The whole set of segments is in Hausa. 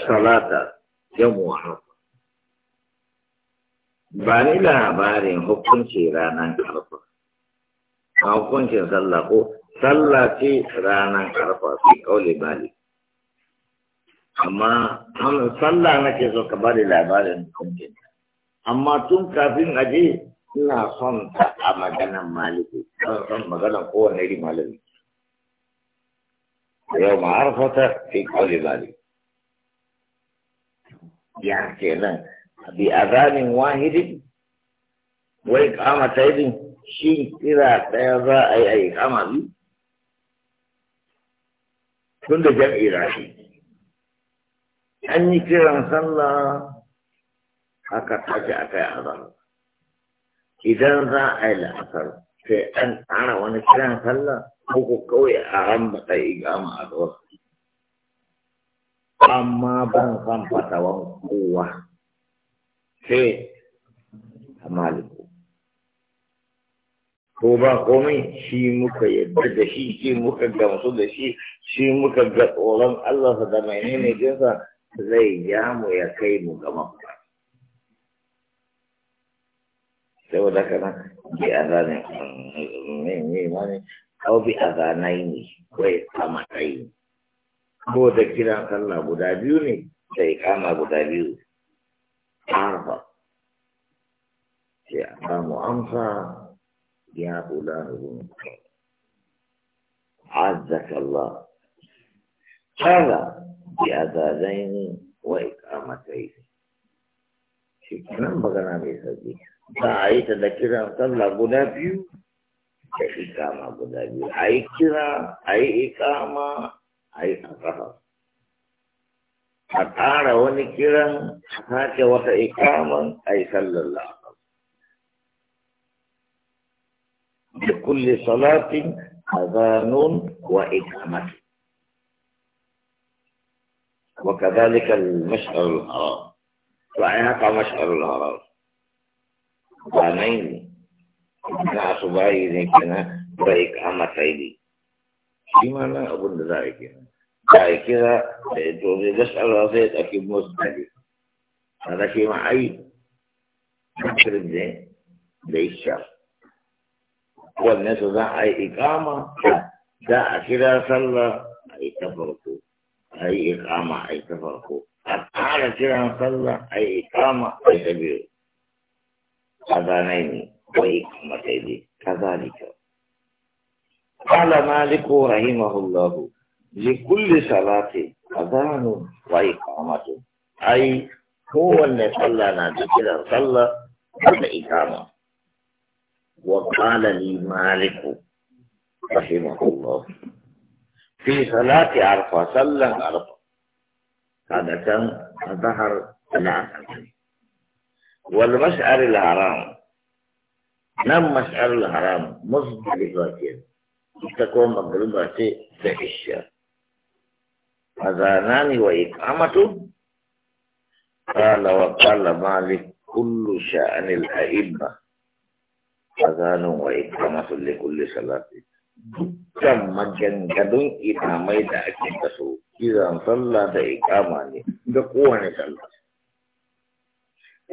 salata salata yawmuha ba ni labarin hukunci ranar karfa a hukuncin sallah ko sallah ce ranar karfa sai kaule bali amma sallah ke so ka da labarin hukuncin amma tun kafin aje ina son ta a maganan maliki ina son maganan kowane iri maliki yau ma fi kaule bali. ya kenan bi azanin wahidin wai kama yi shi kira ɗaya za a yi a yi kama bi? tun da jan irashi an yi kiran sallah haka tafi a kai azan idan za a yi la'asar sai an tsara wani kiran sallah ko kawai a ramba ta kama a zuwa amma ban san fatawan kowa sai a maliku ko ba komai shi muka yadda da shi shi muka gamsu da shi shi muka ga tsoron Allah da mai ne jinsa zai ya mu ya kai mu ga mafuka saboda kana bi azanin ne ne ma ne au bi azanai ne kawai a matsayi bo da kiran sallah guda biyu ne da ikama guda biyu arba sai a samu amsa ya kula da zuwa azzakallah kada ya zazen wa ikama ta yi shi kiran magana mai sauki ba a yi da kiran sallah guda biyu da ikama guda biyu a yi kira a yi ikama فقال ونكرا هاك وقت إقاما أي صلى الله عليه صلاة أذان وإقامة وكذلك المشعر الحرام فأين هكا مشعر الحرام فأنا إني أنا أصبعي إذن كنا shi ma nan abin da za a kira da a kira da ya tobe gasarwa sai ya tsaki musu dare a da shi ma ai makirin ne da isha wannan su za a yi ikama da a kira sallah a yi ta farko a yi ikama a yi ta farko a tsara kiran sallah a yi ikama a yi ta biyu a zanai ne wai kamar daidai ka zalika قال مالك رحمه الله لكل صلاة أذان وإقامة أي هو اللي صلى نادي صلى الإقامة وقال لي مالك رحمه الله في صلاة عرفة صلى عرفة هذا كان ظهر العقل والمشعر الحرام نم مشعر الحرام مصدر ذاكر تكون مغلوب باتي تهيشيا وإقامة قال وقال مالك كل شأن الأئمة أذان وإقامة لكل صلاة دكتم مجن قدن إقامي أكيد تسو إذا صلى تإقاماني دقواني صلى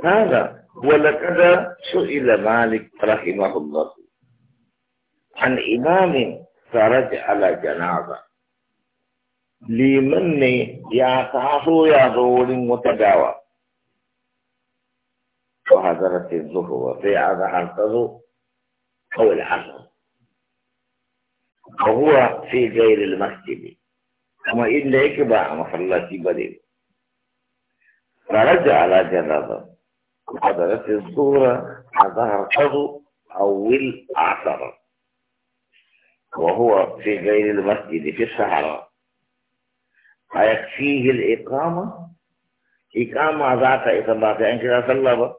هذا ولكذا سئل مالك رحمه الله عن إمام فرج على جنازة لمن يا صحو يا ظهور متداوى وحضرت الظهر في هذا حرفه أو العصر وهو في غير المسجد أما إلا يكبع محلة بديل فرج على جنازة حضرت الظهر حضرته أو العصر وهو في غير المسجد في الصحراء أيكفيه الإقامة إقامة ذات إثبات يعني كذا صلى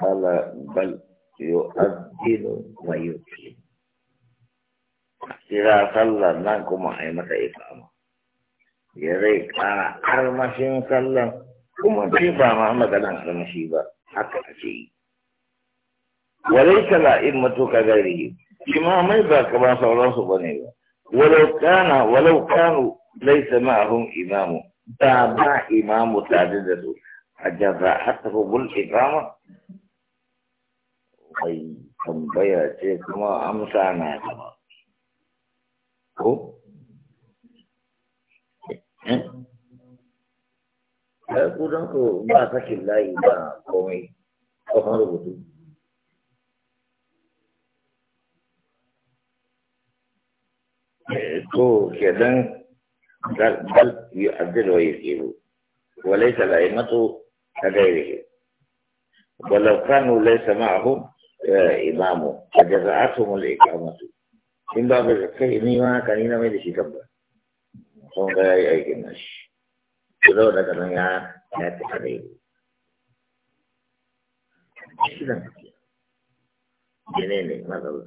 قال بل يؤذن ويقيم إذا صلى لكم أئمة إقامة ريت أنا أرمشين صلى كما تبا ما مثلا أرمشي با حتى أشي وليس الأئمة كغيرهم إمام إذا كما سأقول الله ولو كان ولو كانوا ليس معهم إمام تابع إمام تعدده أجاز هو بالإقامة أي كم بيا شيء كما أمسانا كما هو أقول لكم ما تكلم لا إله إلا الله كومي كفار بدو تو كدن دل دل يعدل yusibu وليس laysa كغيره ولو كانوا ليس معهم إمام فجزعتهم الإقامة إن باب الزكاة نيما كان هنا ميد شي كبا سون غاي أي كناش ولو ده يا نات كريم جنيني الله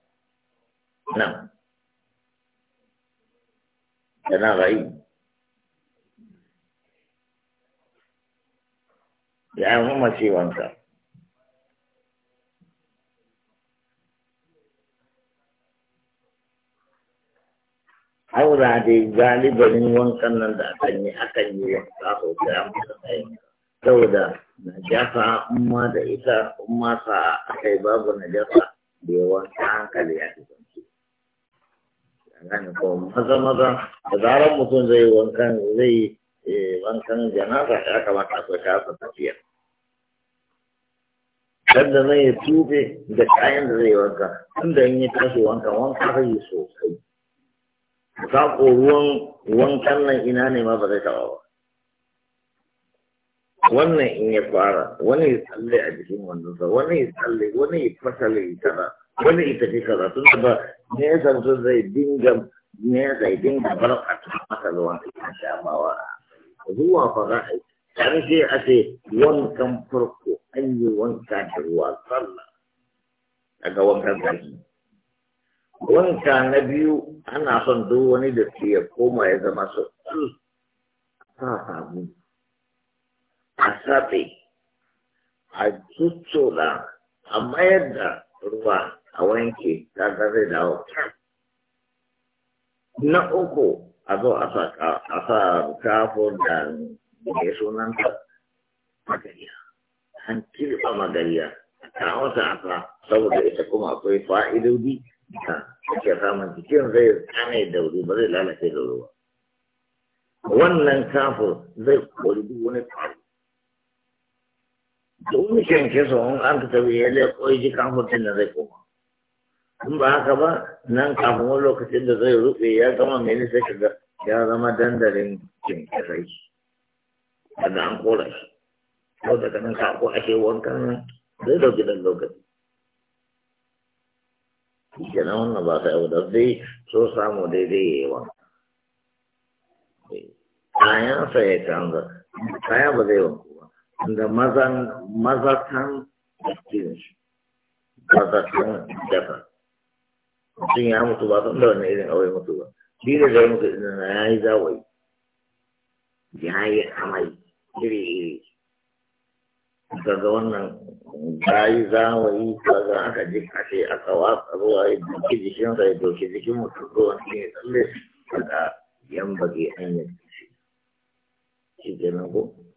nan da nan rayu ya yi mamaci wanka haura dai galibin wankan nan da akan yi akan yi wanka sau da ya mutu tsayin saboda najasa umma da ita umma sa akai babu najasa da yawan hankali ya fito gane ko maza maza da zarar mutum zai wankan zai eh, wankan janaza ya kamata akwai kayan tafiya yadda zai tube da kayan da zai wanka tunda in yi tashi wanka wanka zai yi sosai sako ruwan wankan nan ina ne ma ba zai taɓa ba wannan in ya fara wani ya tsalle a jikin wandonsa wani ya tsalle wani ya fasale ya tara wani ita ce kaza tun da ba me ya san zai dinga me ya zai dinga bar a masa ruwan shafawa zuwa fa za a yi ƙarshe a ce wankan farko an yi wanka da ruwa sallah daga wankan sarki wanka na biyu ana son duk wani da ya koma ya zama su sa samu a saɓe a cuccola a mayar da ruwa a wanke kaga zai dawo na uku a zo a sa a sa kafo da mai sunanta magariya an kirɓa magariya ta wata asa saboda ita kuma akwai fa'idodi da ake samun cikin zai tsane da wuri ba zai lalace da wuri ba wannan kafo zai kori duk wani faru. domin shanke su an ta tabi ya leƙo ji kafin da zai koma in ba haka ba nan kafin wani lokacin da zai rufe ya gama mai sai kaga ya zama dandalin cin kasai daga an kora shi ko daga nan ka ko ake wankan zai dauki dan lokaci kenan wannan ba sa sai da dai so samu daidai yayi wa kayan sa ya canza kaya ba zai wanku ba inda mazan mazatan cikin shi mazatan dafa mutum ya mutu ba tun da wani irin aure mutu ba dina da mutu na ya yi zawayi ya yi amai iri iri daga wannan ya yi zawayi daga aka ji a aka watsa ruwa ya doki jikin sa ya doki jikin mutu zuwa shi ne tsalle daga yan bage an yi shi kenan ko